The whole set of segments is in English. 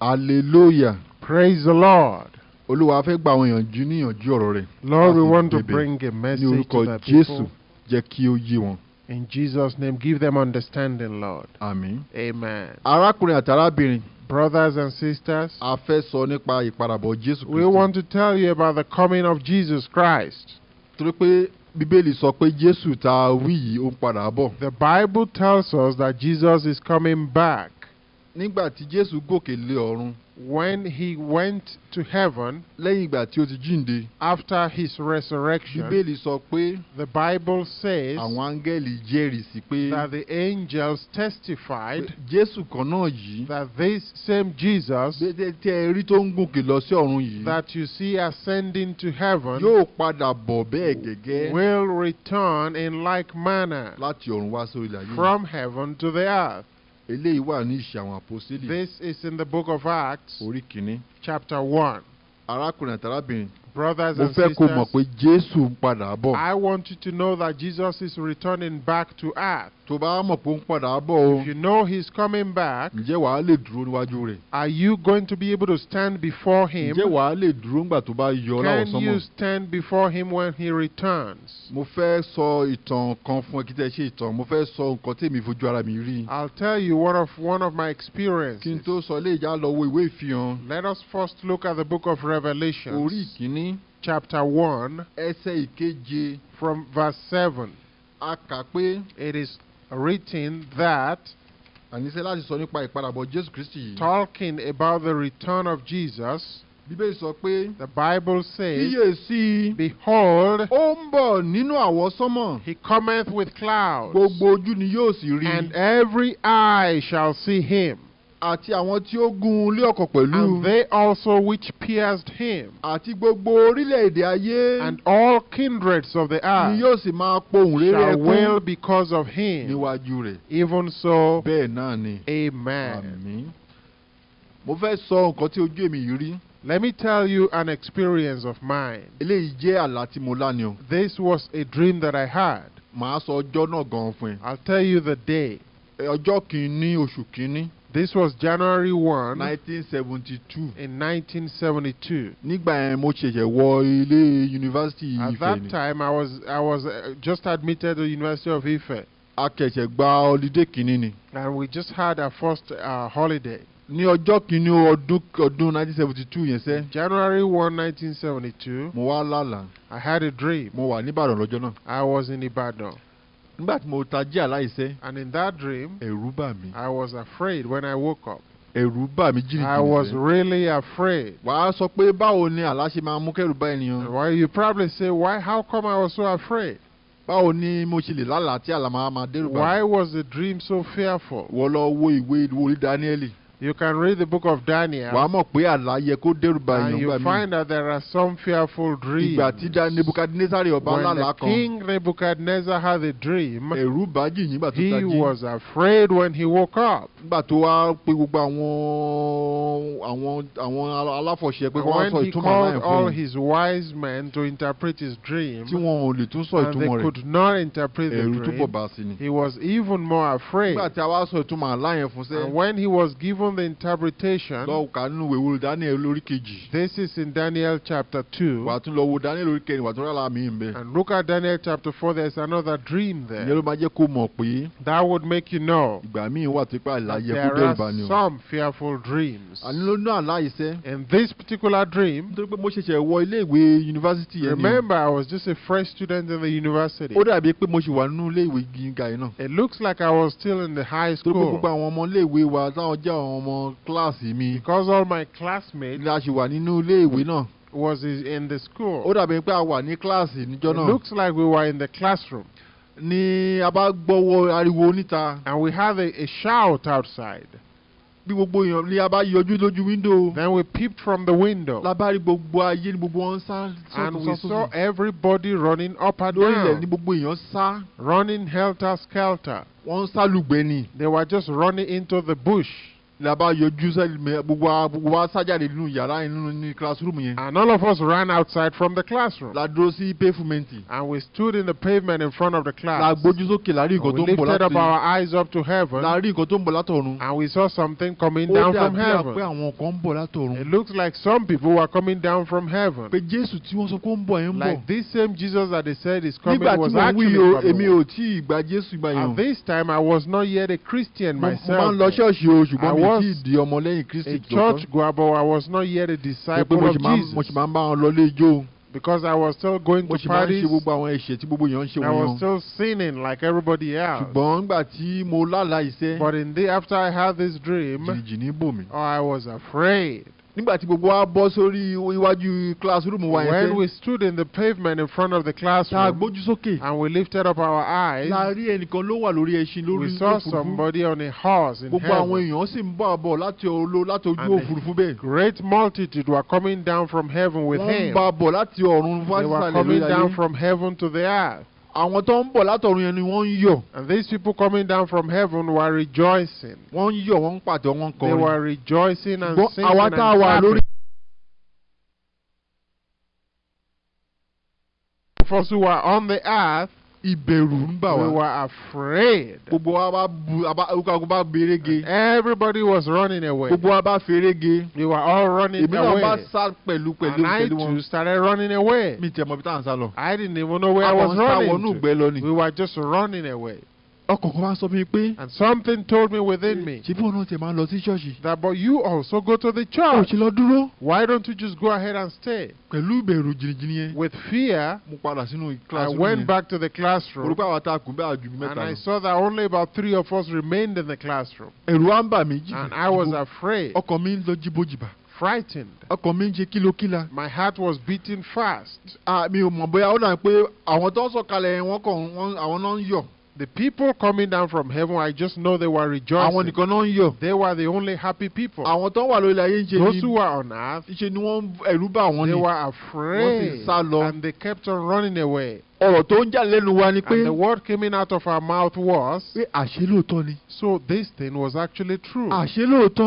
hallelujah. praise the lord. olúwa fẹ́ gba àwọn ìyànjú ọ̀rọ̀ rẹ̀. lord we want to bring a message to the people. ní orúkọ jésù jẹ́ kí ó yé wọn. in jesus name give them understanding lord. Amen. amen. arákùnrin àti arábìnrin. Brothers and sisters, a fẹ́ sọ nípa Jésù Kristi. We want to tell you about the coming of Jesus Christ. Torí pé Bíbélì sọ pé Jésù tá wí yìí ó ń padà bọ̀. The Bible tells us that Jesus is coming back nígbà tí Jésù gòkè lé ọ̀run. When he went to heaven. Lẹ́yìn ìgbà tí ó ti jíǹde. After his resurrection. Bíbélì sọ pé. The Bible says. Àwọn áńgẹ́lì pé. That the angels testified. Jésù kan náà yìí. That this same Jesus. Tí ẹ rí tó ń gòkè lọ sí ọ̀run yìí. That you see ascending to heaven. Yóò padà bọ̀ bẹ́ẹ̀ gẹ́gẹ́. Will return in like manner. Láti ọ̀run wá sórí ilẹ̀ ayé. From heaven to the earth eléyìí wà ní ìṣe àwọn this is in the book of Acts. orí kìíní. chapter one. arákùnrin Brothers and sisters, I want you to know that Jesus is returning back to earth. If you know he's coming back, are you going to be able to stand before him? Can you stand before him when he returns? I'll tell you one of, one of my experiences. Let us first look at the book of Revelation chapter one ẹsẹ̀ ìkeje from verse seven. A kà pé it is written that. Àníṣe láti sọ nípa ìpadàbọ̀ about Jesus Christ. Talking about the return of Jesus. The Bible says. Kíyèsí. Behold. Ó bọ̀ nínú àwọsánmọ̀. He cometh with clouds. Gbogbo ojú ni And every eye shall see him àti àwọn tí ó gun lé ọ̀kọ̀ pẹ̀lú. and they also which pierced him. àti gbogbo orílẹ̀-èdè ayé. and all kindreds of the earth. ni yóò sì máa pohùn réré ẹkún. shall well because of him. níwájú rẹ̀. even so. bẹ́ẹ̀ náà ni. amen. mo fẹ́ sọ nǹkan tí ojú èmi yìí rí. Let me tell you an experience of mine. Eléyìí jẹ́ àlá tí mo lá ni o. This was a dream that I had. Màá sọ ọjọ́ náà gan-an fún ẹ. I'll tell you the day. Ọjọ́ kìíní oṣù kìíní. This was January 1, 1972. In 1972. Nígbà yẹn mo ṣẹ̀ṣẹ̀ wọ At that time I was I was uh, just admitted to the University of Ife. A kẹ̀ṣẹ̀ gba holiday kìíní And we just had our first uh, holiday. Ní ọjọ́ kìíní ọdún ọdún 1972 yẹn sẹ́. January 1, 1972. Mo wá lálàá. I had a dream. Mo wà ní Ìbàdàn lọ́jọ́ náà. I was in Ìbàdàn nígbà tí mo tají aláìsẹ́. and in that dream. ẹ̀rù bà mí. I was afraid when I woke up. ẹ̀rù bà mí jìnnìjìnnì. I was really afraid. wà sọ pé báwo ni àlá ṣe máa mú kẹ́rù bá ènìyàn. well you probably say why how come I was so afraid. báwo ni mo ṣe lè lálàá tí àlá máa máa dẹ́rù bà why was the dream so fearful. wọ́n lọ wo ìwé ìwòrí Dáníẹ́lì. You can read the book of Daniel. And you find that there are some fearful dreams. Ìgbà tí King Nebuchadnezzar had a dream. He was afraid when he woke up. When he called all his wise men to interpret his dream. And they could not interpret the dream. He was even more afraid. And when he was given given the interpretation. lọ kà nínú ìwé wúlò Daniel lórí kejì. this is in Daniel chapter two. wà á tún lọ wo Daniel lórí wà á tún and look at Daniel chapter four there is another dream there. ló máa jẹ́ kó mọ̀ pé. that would make you know. ìgbà míì wà tó àlàyé kú there are some fearful dreams. àní ló in this particular dream. nítorí pé mo ṣẹ̀ṣẹ̀ wọ ilé ìwé yunifásitì yẹn ni. remember I was just a fresh student in the university. ó dàbí pé mo ṣì wà nínú ilé ìwé gíga náà. it looks like I was still in the high school. nítorí pé gbogbo àwọn ọmọ ilé ìwé wa táwọn jẹ́ àwọn ọmọ mi. because all my classmates. la ṣì wà nínú ilé ìwé náà. was in the school. ó dàbí pé a wà ní níjọ́ náà. it looks like we were in the classroom. ni a bá gbọ́wọ́ ariwo níta. and we have a, a shout outside. bí gbogbo èèyàn ni a bá yọjú lójú window. then we peeped from the window. gbogbo ayé ni gbogbo wọn sá. and we saw everybody running up and down. ni gbogbo èèyàn sá. running helter skelter. wọ́n ni. they were just running into the bush laba yọjú gbogbo wa sájáde nínú yàrá yẹn nínú ní classroom yẹn. and all of us ran outside from the classroom. la dúró sí pavement. and we stood in the pavement in front of the class. la gbójú sókè tó ń bọ̀ láti. we lifted up our eyes up to heaven. tó ń bọ̀ and we saw something coming down from heaven. ó dàbí àpé àwọn ń bọ̀ it looks like some people were coming down from heaven. pé Jésù tí wọ́n sọ pé ó ń bọ̀ yẹn ń bọ̀. like this same Jesus that they said is coming was actually from this time I was not yet a Christian myself was a church goer, I was not yet a disciple of Jesus. Because I was still going to parties. I was still sinning like everybody else. But in the after I had this dream, oh, I was afraid nígbà tí gbogbo wa bọ́ sórí iwájú classroom wa when we stood in the pavement in front of the classroom. ta gbójú sókè. and we lifted up our eyes. la rí ẹnìkan ló wà lórí ẹṣin lórí òfurufú. we saw somebody on a horse in heaven. gbogbo àwọn èèyàn sì ń bọ̀ bọ̀ láti olo láti ojú òfurufú bẹ́ẹ̀. great multitude were coming down from heaven with him. wọ́n ń bọ̀ láti ọ̀run fásitì they were coming down from heaven to the earth àwọn tó ń bọ̀ látọ̀run yẹn ni wọ́n ń yọ̀. and these people coming down from heaven were rejoicing. wọ́n ń yọ̀ wọ́n ń wọ́n kọrin. they were rejoicing and singing and clapping. àwa tá a wà lórí. who are on the earth. ìbẹ̀rù ń bà wá. we were afraid. gbogbo wa bá bu àbá bá berege. everybody was running away. gbogbo wa bá ferege. we were all running away. èmi náà bá sá pẹ̀lú pẹ̀lú pẹ̀lú wọn. and I too started running away. mi tẹ̀ mọ̀ bí táwọn sá lọ. I didn't even know where I was running to. àwọn sá wọnú ìgbẹ́ lọ ni. we were just running away. sọ and something told me within me. that but you also go to the church. why don't you just go ahead and stay. with fear. I went back to the classroom. and I saw that only about three of us remained in the classroom. and I was afraid. frightened. my heart was beating fast. tó the people coming down from heaven I just know they were rejoicing. they were the only happy people. those who were on earth. they were afraid. and they kept on running away ọ̀rọ̀ tó ń lẹ́nu wa ni pé. and the word coming out of our mouth was. pé àṣé ni. so this thing was actually true. àṣé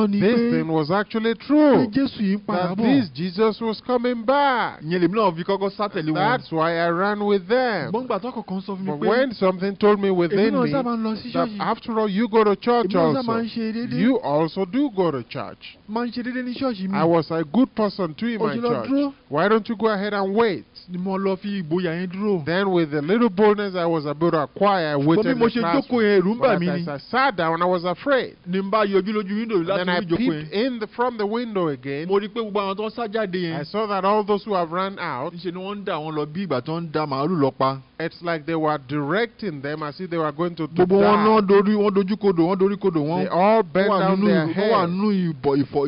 ni pé. this thing was actually true. pé Jésù yìí ń padà bọ̀. that this Jesus was coming back. ìyẹn lèmi náà fi kọ́kọ́ sátẹ̀lé wọn. that's why I ran with them. gbọ́ngbà tó kọ̀ọ̀kan sọ fún mi pé. but when something told me within me. èmi náà sábà ń lọ sí ṣọ́ọ̀ṣì. that after all you go to church also. èmi náà sábà ń ṣe déédéé. you also do go to church. máa ń ṣe déédéé ní ṣọ́ọ̀ṣì mi. I was a good person too in my church. Why don't you go ahead and wait? ni mo lọ fi ìgboyà yẹn dúró. then even with the little boldness I was about to acquire, I waited in the classroom. But as I sat down, I was afraid. And then I peeped in the, from the window again. I saw that all those who have run out, it's like they were directing them as if they were going to, to die. They all bent down their head in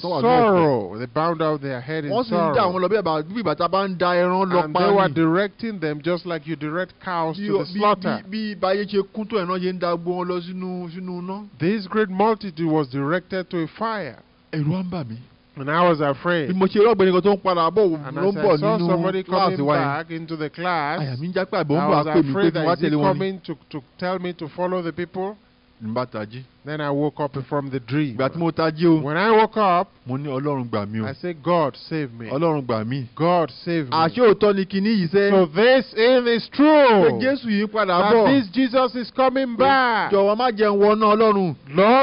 sorrow. They bound down their head in sorrow. And they were direct directing them just like you direct cows to the slaughter. this great multitude was directed to a fire. And I was afraid. Bí mo ṣe rí ọ̀gbẹ́ni kan tó ń padà bọ̀ I was afraid that he coming to, to tell me to follow the people. Then I woke up from the dream. When I woke up. I said, God save me. God save me. So this is true. That this Jesus is coming back. Lord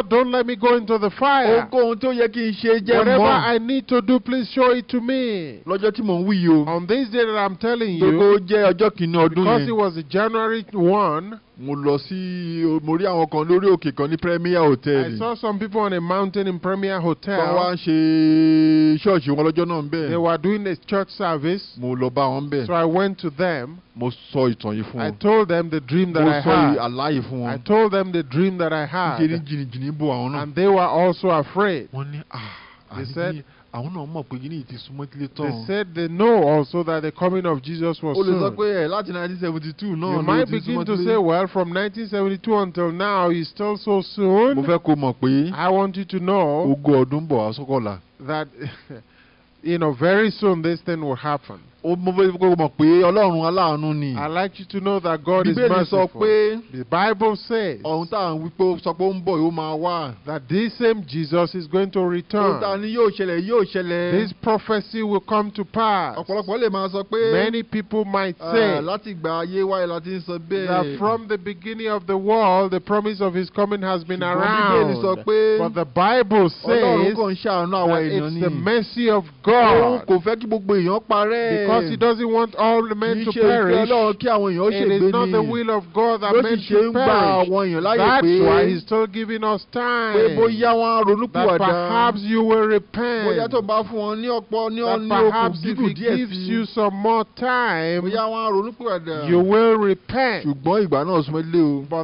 don't let me go into the fire. Whatever I need to do please show it to me. On this day that I'm telling you. Because it was January one mo lọ sí mo rí àwọn kan lórí òkè kan ní premier hotel. I saw some people on a mountain in premier hotel. wọ́n wá ń ṣe ṣọ́ọ̀ṣì wọn lọ́jọ́ náà ń bẹ̀. they were doing a church service. mo lọ bá wọn bẹ̀. so I went to them. mo sọ ìtàn yìí fún wọn. I told them the dream that mo I had. mo sọ àlá yìí fún wọn. I told them the dream that I had. nítorí jìnnìjìnnì bò àwọn náà. and they were also afraid. wọ́n ní ah. They said, they said they know also that the coming of Jesus was soon. Eh, you might begin to say, well, from 1972 until now, it's still so soon. I want you to know that, you know, very soon this thing will happen. I like you to know that God is merciful. the Bible says. that this same Jesus is going to return. this prophecy will come to pass. many people might ah, say. sọ that from the beginning of the world the promise of his coming has been around. but the Bible says. that it's the mercy of God. because because he doesn't want all the men to perish. It is not the will of God that men should perish. That's why he's still giving us time. That perhaps you will repent. That perhaps if he gives you some more time, you will repent. But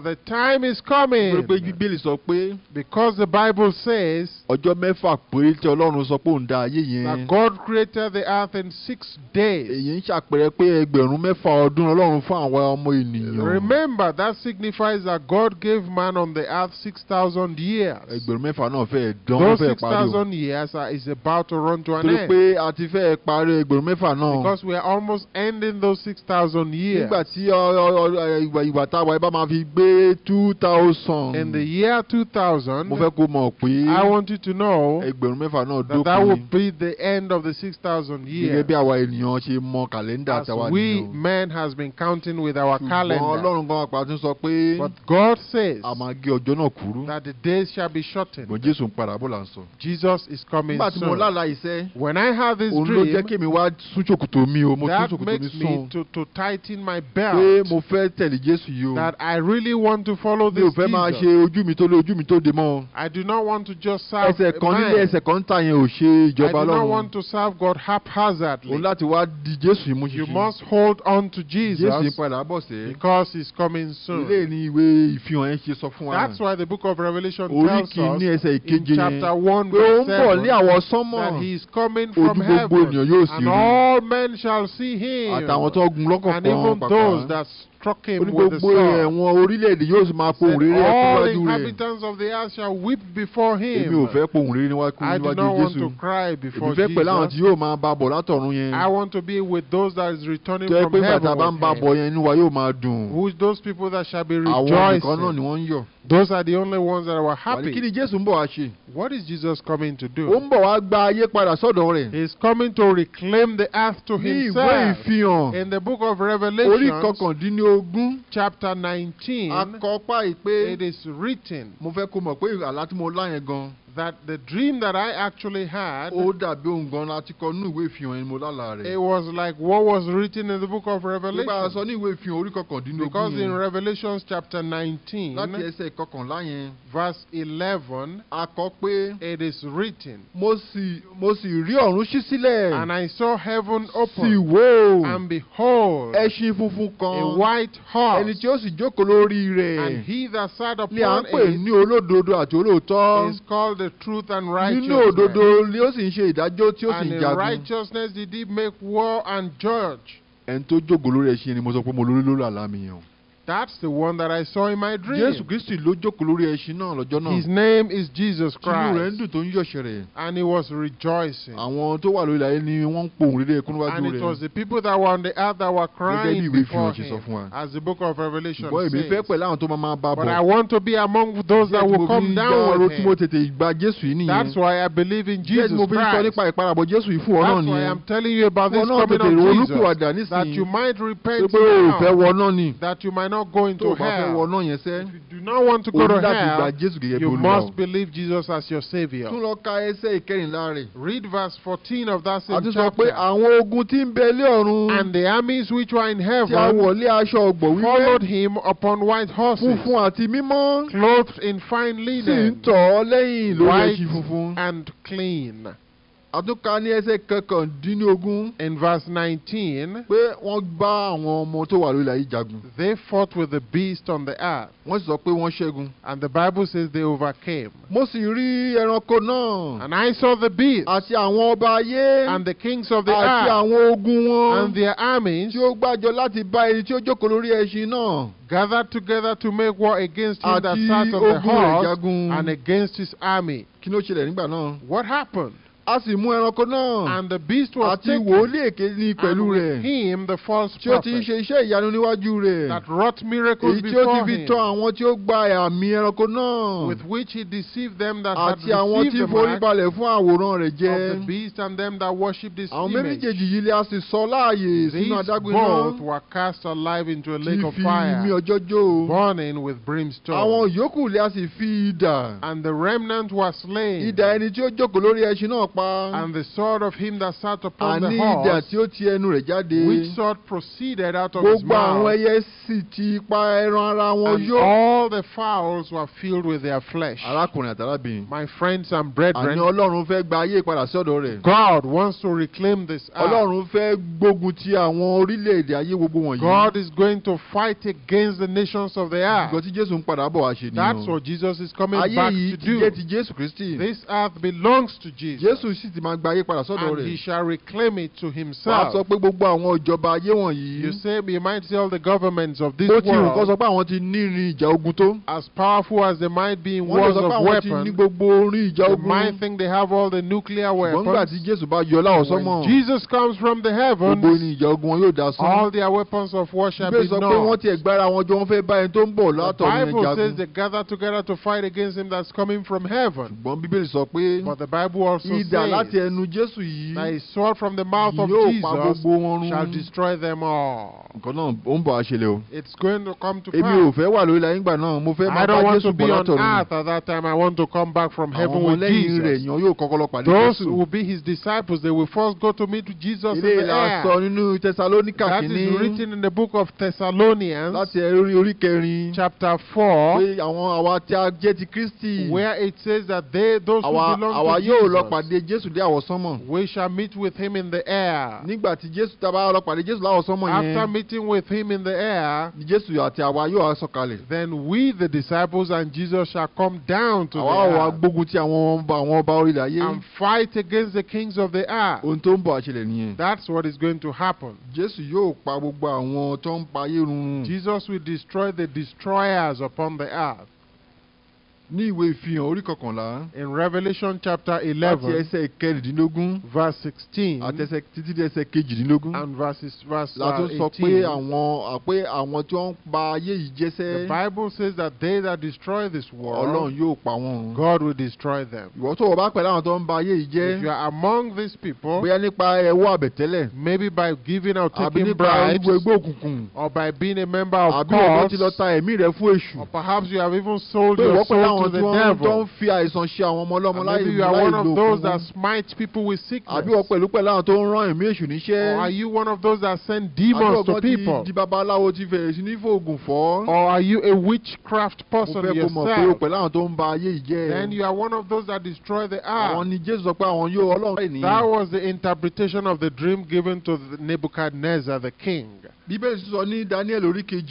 the time is coming. Because the Bible says that God created the earth in six days. Remember, that signifies that God gave man on the earth 6,000 years. Remember, don't Those 6,000 years is about to run to an end. Because we are almost ending those 6,000 years. In the year 2000, I want you to know that that will be the end of the 6,000 years as we men has been counting with our calendar. but God says. kúrú. that the days shall be shortened. Jesus is coming soon. when I have this dream. that makes me to to tighten my belt. that I really want to follow this Jesus. I do not want to just serve. I do not want to serve God haphazardly mú you must hold on to Jesus. because He's coming soon. ilé ní ìwé ìfihàn yẹn ṣe sọ fún wa. that's why the book of Revelation tells us in chapter one verse seven. pé ó ń àwọn sánmọ̀. that he is coming from heaven. ojú gbogbo ènìyàn yóò sì rí. and all men shall see him. àtàwọn tó gun lọ́kọ̀ọ̀kan pàpà. and even those that with sword. all inhabitants of the earth shall weep before him. I do not want to cry before Jesus. I want to be with those that is returning from heaven with him. who is those people that shall be rejoicing. Those are the only ones that were happy. What is Jesus coming to do? He is coming to reclaim the earth to himself. In the book of Revelation. ogún chapter nineteen. akọ́pá ìpè. it is written. mo fẹ́ kó mọ̀ pé àlá tí mo lá gan. that the dream that I actually had. it was like what was written in the book of Revelation. because in Revelations chapter nineteen. verse eleven. it is written. and I saw heaven open. and behold. a white horse. and he that sat upon it is called the truth and righteousness. And in righteousness did he make war and judge. Ẹni tó jókòó lórí ẹṣin ni mo sọ pé mo lórí lórí àlá mi that's the one that I saw in my dream. Jésù ló jókòó lórí ẹṣin náà lọ́jọ́ náà. His name is Jesus Christ. rẹ̀ ń dùn tó ń yọ̀ṣẹ̀ rẹ̀. And he was rejoicing. Àwọn tó wà lórí ilẹ̀ ni wọ́n ń kúnú wájú rẹ̀. And it was the people that were on the earth that were crying before him. As the book of Revelation says. fẹ́ pẹ̀lú àwọn tó máa máa bá bọ̀. But I want to be among those that will come down with him. That's why I believe in Jesus Christ. That's why I'm telling you about this coming of Jesus. That you might repent now. That you might not not going to hell, if you do not want to go to hell, you must believe Jesus as your saviour. read verse fourteen of that same chapter. and the armies which were in heaven. followed him upon white horses. clothed in fine linen. white and clean. àtúnká ní ẹsẹ̀ kọkàndínlógún and verse nineteen pé wọ́n bá àwọn ọmọ tó wà lórí ayé jagun. they fought with the beast on the earth. wọ́n sì sọ pé wọ́n ṣẹ́gun. and the bible says they overcame. mo sì rí ẹranko náà. and I saw the beast. àti àwọn ọba ayé. and the kings of the earth. àti àwọn ogun wọn. and their armies. tí ó gbàjọ láti bá ẹni tí ó jókòó lórí ẹṣin náà. gathered together to make war against him that sat on the horse and against his army. kí ló ṣẹlẹ̀ nígbà náà. what happened? a sì mú ẹranko náà. and the beast was taken. àti wòlíì èké ni pẹ̀lú rẹ̀. and with him the false prophet. tí ó ti ń iṣẹ́ ìyanu níwájú rẹ̀. that wrought miracles before him. èyí tí ó ti fi tọ́ àwọn tí ó gba àmì ẹranko náà. with which he deceived them that had received the mark. àti àwọn tí forí fún àwòrán rẹ̀ jẹ. of the beast and them that worshipped his image. àwọn méjèèjì yìí ni a sì sọ láàyè sínú adágún náà. these both were cast alive into a lake of fire. ti fi mi ọjọ́ jó. burning with brimstone. àwọn yòókù ni a sì fi idà. and the remnant were slain. idà ẹni tí ó jókòó lórí ẹṣin náà and the sword of him that sat upon the horse. Which sword proceeded out of his mouth. And all the fowls were filled with their flesh. My friends and brethren. God wants to reclaim this earth. God is going to fight against the nations of the earth. That's what Jesus is coming back to do. This earth belongs to Jesus. Jésù sì ti máa gba ayé padà sọ́dọ̀ rẹ̀. and he shall reclaim it to himself. wàá sọ pé gbogbo àwọn ìjọba ayé wọ̀nyí. you say you might tell the governments of this world. ti kó sọ pé àwọn ti ní irin ìjà ogun tó. as powerful as they might be in wars of weapons. wọ́n sọ pé àwọn ti ní gbogbo orin ìjà ogun. they might think they have all the nuclear weapons. tí Jésù bá yọ láwọ̀ sọ́mọ̀. when Jesus comes from the heaven. gbogbo irin ìjà ogun wọn yóò dá sún. all their weapons of war shall be known. the Bible says they gather together to fight against him that's coming from heaven. sọ pé. but the Bible also ìdà láti ẹnu sword from the mouth of Jesus. Shall destroy them all. It's going to come to pass. I don't want to be on earth at that time, I want to come back from heaven with Jesus. Àwọn ọmọlẹ́yìn Those will be his disciples, they will first go to meet Jesus in the air. That is written in the book of Thessalonians. Chapter four. Where it says that they those who belong to Jesus pàdé Jésù dé àwọsánmọ̀. we shall meet with him in the air. nígbà tí Jésù tàbá pàdé Jésù láwọsánmọ̀ yẹn. after meeting with him in the air. Jésù àti àwa yóò then we the disciples and Jesus shall come down to the earth. àwa wà gbógun ti àwọn ọba àwọn ọba orílẹ̀ ayé. and fight against the kings of the earth. ohun tó ń bọ̀ àṣẹlẹ̀ nìyẹn. that's what is going to happen. Jésù yóò pa gbogbo àwọn tó ń pa ayé run. Jesus will destroy the destroyers upon the earth. ní ìwé ìfihàn orí kọkànlá. in Revelation chapter eleven. láti ẹsẹ̀ kẹrìndínlógún. verse sixteen. àti ẹsẹ̀ títí di ẹsẹ̀ kejìdínlógún. and verses verse eighteen. Uh, látún sọ pé àwọn pé àwọn tí wọ́n pa ayé yìí jẹ́sẹ́. the Bible says that they that destroy this world. Ọlọ́run yóò pa wọ́n. God will destroy them. ìwọ tó o bá pẹ̀lú àwọn tó ń ba ayé yìí jẹ́. if you are among these people. bóyá nípa ẹ̀wọ́ àbẹ̀tẹ́lẹ̀. maybe by giving out taking bribes. àbí nípa ẹgbẹ́ òkùnkùn. or by being a member of perhaps you have even sold your to the devil. àìsàn ṣe àwọn ọmọ ọlọ́mọ láì maybe you are one of those that smite people with sickness. àbí pẹ̀lú pẹ̀lú àwọn tó ń rán ẹ̀mí èṣù níṣẹ́. or are you one of those that send demons to people. àbí ti di babaláwo ti fẹ̀rẹ̀ sí ní fọ́. or are you a witchcraft person yourself. mo fẹ́ kó mọ̀ pé o pẹ̀lú àwọn tó ń ba ayé ìjẹ́. then you are one of those that destroy the earth. àwọn ni Jésù sọ pé àwọn yóò Ọlọ́run. that was the interpretation of the dream given to Nebuchadnezzar the king bíbélì sọ ní daniel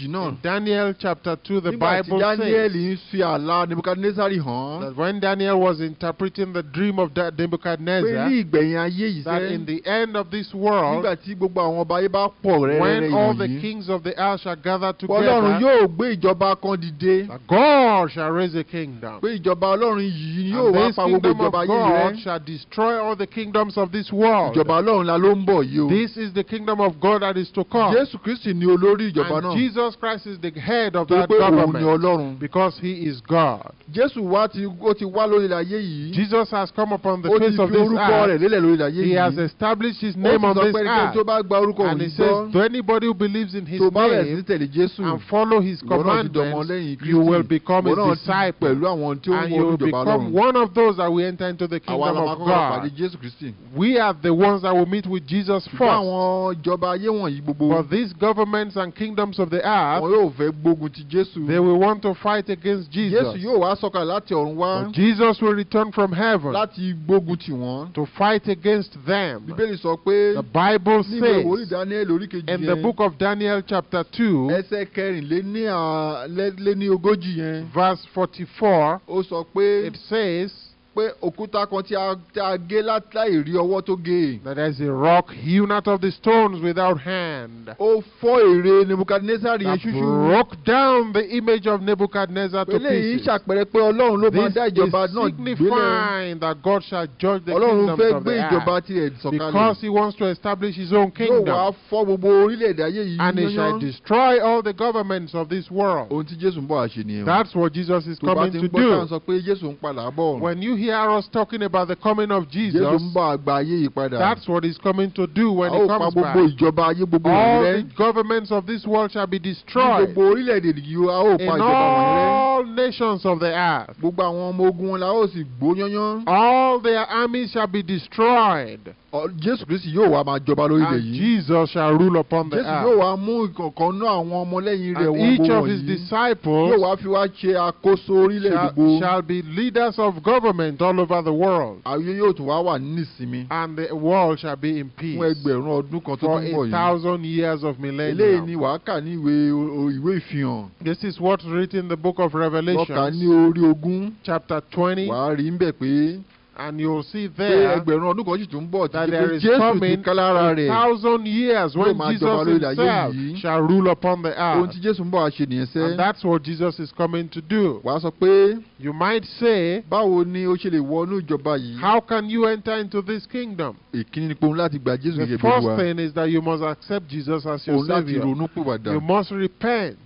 náà. daniel chapter two the bible says. nígbà tí daniel ń fi àlá nebuchadnezzar hàn. that when daniel was interpreting the dream of nebuchadnezzar. pé ní ìgbẹ̀yìn ayé yìí sẹ́. that in the end of this world. nígbà tí gbogbo àwọn ọba ayé bá pọ̀ rẹ́rẹ́ yìí. when all the kings of the earth shall gather together. ọlọ́run yóò gbé ìjọba kan dìde. God shall raise a kingdom. pé ìjọba ọlọ́run yìí ni yóò wá pa gbogbo ìjọba rẹ. and this kingdom of God shall destroy all the kingdoms of this world. ìjọba ọlọ́run la ló ń bọ̀ yìí o. this is the kingdom of God that is to come. jésù k Kristi ni olórí ìjọba náà. and Jesus Christ is the head of that government. torí pé òun ni Ọlọ́run. because he is God. Jésù wá ti ó ti wá lórí yìí. Jesus has come upon the face of this earth. ó ti fi orúkọ rẹ̀ lélẹ̀ lórí yìí. he has established his name on this earth. ó ti sọ pé tó bá gba orúkọ òun gbọ́. and he says to anybody who believes in his name. tó bá rẹ̀ sí tẹ̀lé Jésù. and follow his commandments you will become a disciple. pẹ̀lú àwọn tí wọ and you will become one of those that will enter into the kingdom of God. we are the ones that will meet with Jesus first. àwọn ìjọba ayé wọ̀nyí gbogbo. for this governments and kingdoms of the earth. They will want to fight against Jesus. láti But Jesus will return from heaven. To fight against them. The Bible says. In the book of Daniel chapter two. Verse forty-four. It says pé òkúta kan tí a tí a gé rí ọwọ́ tó gé. that is a rock hewn out of the stones without hand. ó fọ́ ère Nebuchadnezzar yẹn ṣúṣú. that broke down the image of Nebuchadnezzar to pieces. eléyìí ṣàpẹẹrẹ pé Ọlọ́run ló máa dá ìjọba náà gbélé. this signifying that God shall judge the kingdoms of the earth. Ọlọ́run fẹ́ gbé ìjọba sọ̀kalẹ̀. because he wants to establish his own kingdom. yóò wá fọ́ gbogbo orílẹ̀-èdè ayé yìí. and he shall destroy all the governments of this world. ohun tí Jésù ń bọ̀ àṣẹ that's what Jesus is coming to do. when you hear hear us talking about the coming of Jesus, that's what he's coming to do when he comes back. All the governments of this world shall be destroyed. In all all nations of the earth. Gbogbo àwọn ọmọ ogun la ó sì gbó yányán. All their armies shall be destroyed. Jésù Kristi yóò wá máa jọba lórí ilẹ̀ yìí. And Jesus shall rule upon the earth. Jésù yóò wá mú ìkọ̀kan náà àwọn ọmọlẹ́yìn rẹ̀ wọ́n wọ̀nyí. And each of his disciples. Yóò wá fi wá ṣe àkóso orílẹ̀ Shall be leaders of government all over the world. yóò tún wá wà nísìmí. And the world shall be in peace. Fún ẹgbẹ̀rún ọdún kan tó bọ̀ yìí. For a thousand years of millennium. Eléyìí ni wàá kà ní ìwé ìfihàn. This is what's written in the book of Revelation revelation chapter 20 and you'll see there that there is coming a thousand years when Jesus himself shall rule upon the earth. And that's what Jesus is coming to do. You might say, How can you enter into this kingdom? The first thing is that you must accept Jesus as your Savior. You must repent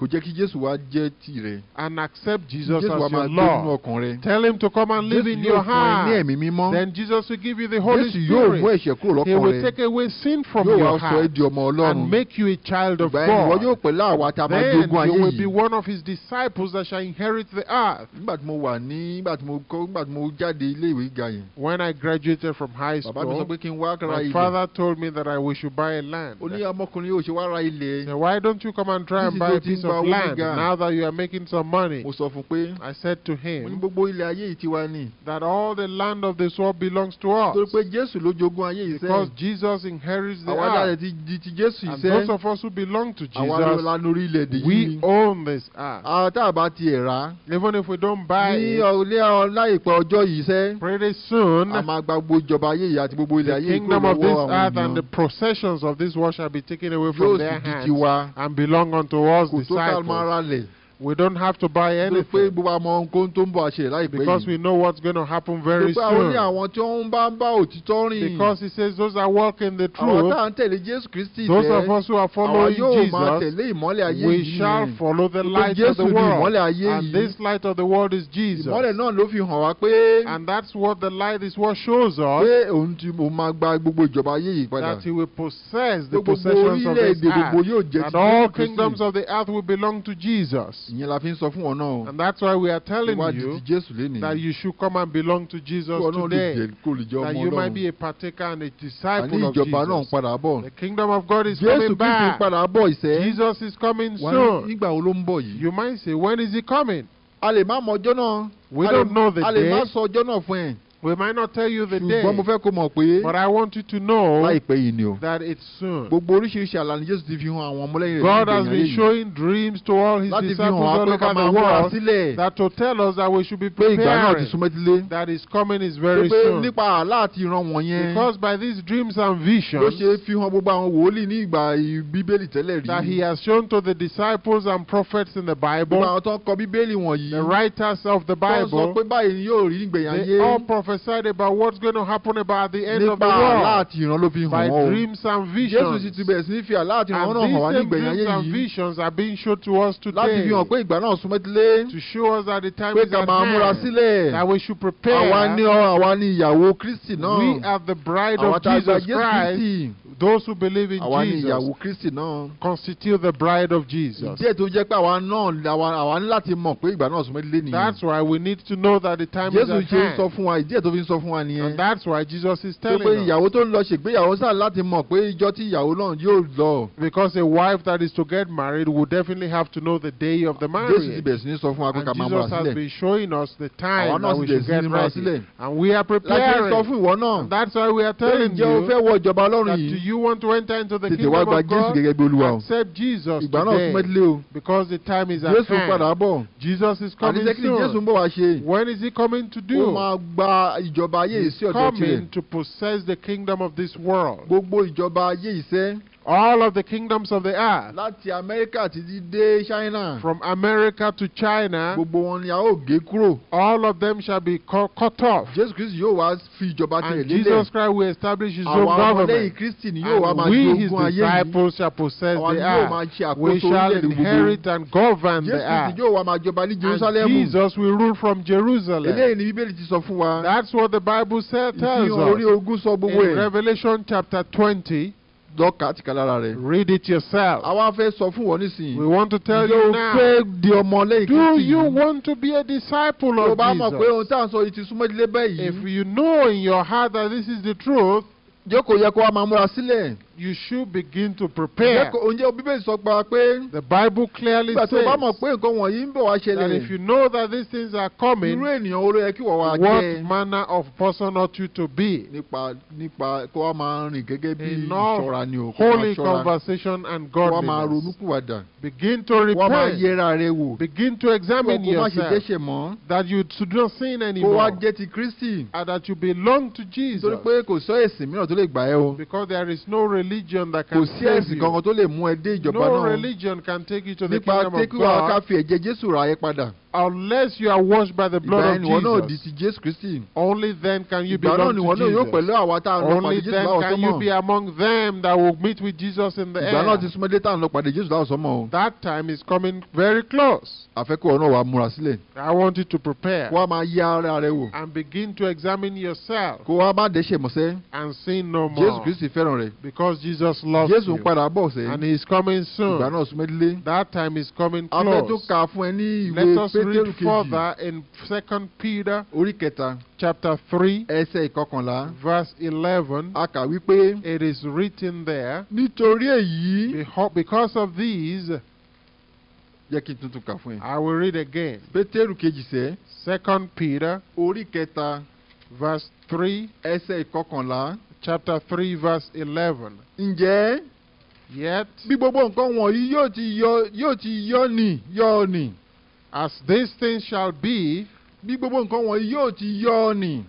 and accept Jesus as your Lord. Tell Him to come and live in your heart mímọ́. Then Jesus will give you the Holy Spirit. yóò mú ẹ̀ṣẹ̀ kúrò lọ́kàn rẹ. He will take away sin from your heart. Yóò wá sọ ọmọ Ọlọ́run. And make you a child of God. Ìgbà yóò pẹ̀lú ayé yìí. Then you will be one of his disciples that shall inherit the earth. Nígbà tí mo wà ní nígbà tí mo kọ́ nígbà tí mo jáde ilé ìwé gíga yẹn. When I graduated from high school. Bàbá mi sọ pé kí n wá ra ilẹ̀. My father told me that I we should buy a land. Ó ní ọmọkùnrin yóò ṣe wá ra ilẹ̀. So why don't you come and try and buy a piece of land now that you are making some money? Mo sọ fún pé. I said to him. Mo ní gbogbo ilẹ̀ ayé That all the land of of this world belongs to us. because Jesus inherits the earth. and those of us who belong to Jesus. we own this earth. even if we don't buy it. pretty soon. the kingdom of this earth and the possessions of this world shall be taken away from their hands. and belong unto us disciples. We don't have to buy anything. Because we know what's going to happen very soon. Because he says those are walking the truth, those of us who are following Jesus, we shall follow the light of the world. And this light of the world is Jesus. And that's what the light is what shows us that he will possess the possessions of this earth. That all kingdoms of the earth will belong to Jesus ìyẹn la fi ń sọ fún wọn náà. and that's why we are telling you that you should come and belong to Jesus today that you might be a partaker and a disciple of Jesus. àní ìjọba náà ń padà bọ̀. the kingdom of God is Jesus coming back. Jésù kìí padà bọ̀ ìṣẹ́. Jesus is coming soon. wo ló ń bọ̀ yìí. you might say when is he coming. a lè má mọ ọjọ́ náà. we don't know the day. a lè má sọ ọjọ́ náà fún ẹ. We might not tell you the day. But I want you to know. that it's soon. God has been showing dreams to all his disciples all over the world. that to tell us that we should be preparing. that is coming is very soon. because by these dreams and visions. that he has shown to the disciples and prophets in the Bible. the writers of the Bible. they all prophets prophesied about what's going to happen about the end of the world by dreams and visions. And these dreams and visions are being shown to us today to show us that the time is at hand that we should prepare. We are the bride of Jesus Christ those who believe in àwa ni constitute the bride of Jesus. that's why we need to know that the time Jesus is at hand. and that's why Jesus is telling us. because a wife that is to get married will definitely have to know the day of the marriage. Jésù ti bẹ̀rẹ̀ sí ní sọ fún and Jesus has been showing us the time that we should get ready. and we are preparing. and that's why we are telling you. pé ǹjẹ́ you want to enter into the kingdom of God, God accept Jesus today because the time is at hand. Jesus is coming soon. When is he coming to do? He's coming to possess the kingdom of this world all of the kingdoms of the earth. láti America títí dé china. from America to China. gbogbo wọn ni a ó gé kúrò. all of them shall be cut off. Jésù Kristi yóò wá fi ìjọba tirẹ̀ and Jesus Christ will establish his own government. àwọn Kristi ni yóò wá máa jogún ayé yìí. and we his disciples shall possess the earth. we shall inherit and govern the earth. Jésù yóò wá máa jọba ní Jerusalem. and Jesus will rule from Jerusalem. eléyìí ni Bíbélì ti sọ fún wa. that's what the Bible says ìfihàn orí ogún sọ gbogbo ẹ̀. in Revelation chapter twenty read it yourself. we want to tell you, now. do you want to be a disciple of Jesus. if you know in your heart that this is the truth you should begin to prepare. the bible clearly says. gbàtọ́ that if you know that these things are coming. what manner of person ought you to be. In holy conversation and godliness. begin to repent. begin to examine yourself. that you should not sin anymore. and that you belong to Jesus. because there is no religion religion that can kò you. tó no religion can take you to the kingdom of God. unless you are washed by the blood of Jesus. only then can you belong to Jesus. only then can you be among them that will meet with Jesus in the air. that time is coming very close. I want you to prepare. and begin to examine yourself. and sin no more. because because Jesus loves Jésù you. and he is coming soon. that time is coming close. tó let us read further in second Peter. chapter three. verse eleven. wípé. it is written there. nítorí because of these. I will read again. Peter, kejì Second Peter. Orí Verse three. Ẹsẹ̀ ìkọkànlá. chapter three verse eleven. ǹjẹ́. yet. bí gbogbo nǹkan wọ̀nyí yóò ti yọ yóò ti yọ ni yọ ni. as these things shall be. bí gbogbo nǹkan wọ̀nyí yóò ti yọ ni.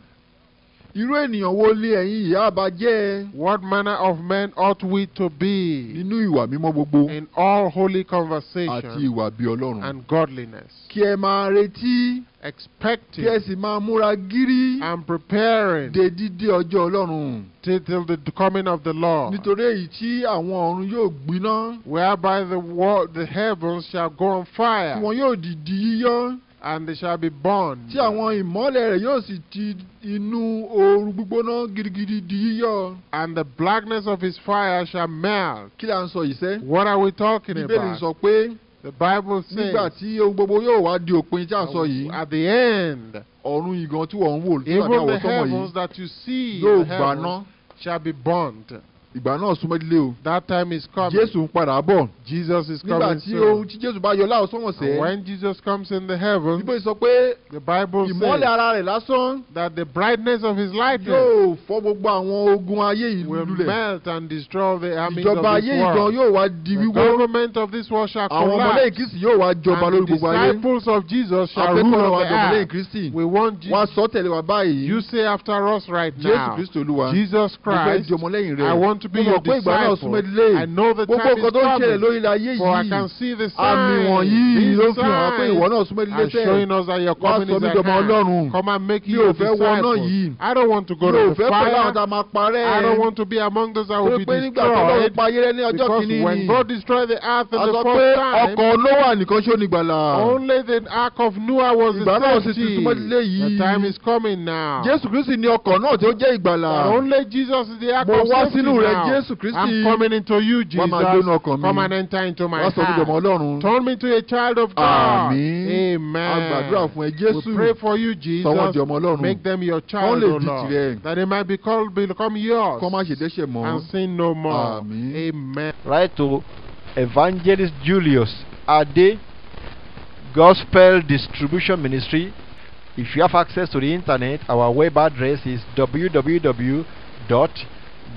irú ènìyàn wo lé ẹ̀yin àbá jẹ́. what manner of men ought we to be. nínú ìwà mímọ́ gbogbo. in all holy conversation. àti ìwà bí ọlọ́run. and godliness. kí ẹ máa retí. expecting. kí ẹ sì máa múra gírí. and preparing. de dídé ọjọ́ ọlọ́run. till the coming of the Lord. nítorí èyí tí àwọn ọ̀run yóò gbiná. whereby the world the heavens shall go on fire. wọn yóò yíyán and they shall be burned. tí àwọn ìmọ́lẹ̀ rẹ̀ yóò sì ti inú ooru gbígbóná gidigidi di yíyọ. and the blackness of his fire shall melt. kí la ń sọ yìí sẹ́. what are we talking about? bíbélì sọ pé. the bible says. nígbà tí ohun gbogbo yóò wá di òpin tí a sọ yìí. at the end. ọ̀run ìgan tí wọ́n ń wò. even the heavens that you see. yóò gbaná. shall be burned ìgbà náà súnmọ́ dílé o. that time is coming. Jésù ń padà bọ̀. Jesus is coming soon. nígbà tí ohun tí Jésù bá yọ láwọn and when Jesus comes in the heaven. bíbélì sọ pé. the Bible says. ìmọ́lẹ̀ ara rẹ̀ lásán. that the brightness of his light. yóò fọ́ gbogbo àwọn ogun ayé yìí lulẹ̀. will melt and destroy the armies of this world. ìjọba ayé ìgan yóò wá di wíwó. the government of this world shall collapse. àwọn ọmọlẹ́yìn Kristi yóò wá jọba lórí gbogbo ayé. and the disciples of Jesus shall rule over the earth. we want Jesus. wá sọ tẹ̀lé wa so you say after us right now. Jesus Christ. I want to be your disciple. I know that time is coming. For I can see the signs. The signs are showing us that your coming is at hand. Come and make you a disciple. I don't want to go to the fire. I don't want to be among those that will be destroyed. Because when God destroyed the earth in the fourth time, only the ark of Noah was destroyed. The time is coming now. Jésù Kristi ni ọkọ̀ Only Jesus is the ark of safety now now. I'm coming into you, Jesus. Come and enter into my heart. Turn me into a child of God. Amen. Amen. We pray for you, Jesus. Make them your child, Lord. That they might be called, become yours. And sin no more. Amen. Right to Evangelist Julius Ade, Gospel Distribution Ministry. If you have access to the internet, our web address is www.gospeldistributionministry.com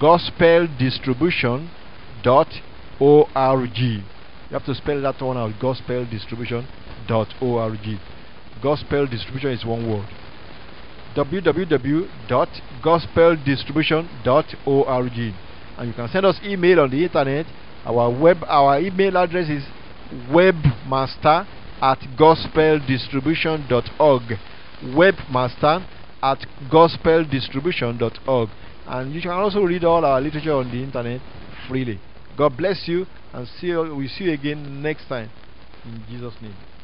gospeldistribution.org. You have to spell that one out gospeldistribution.org. Gospel distribution is one word www.gospeldistribution.org and you can send us email on the internet our web our email address is webmaster at gospeldistribution.org webmaster at gospeldistribution.org and you can also read all our literature on the internet freely. God bless you and see you, we see you again next time in Jesus name.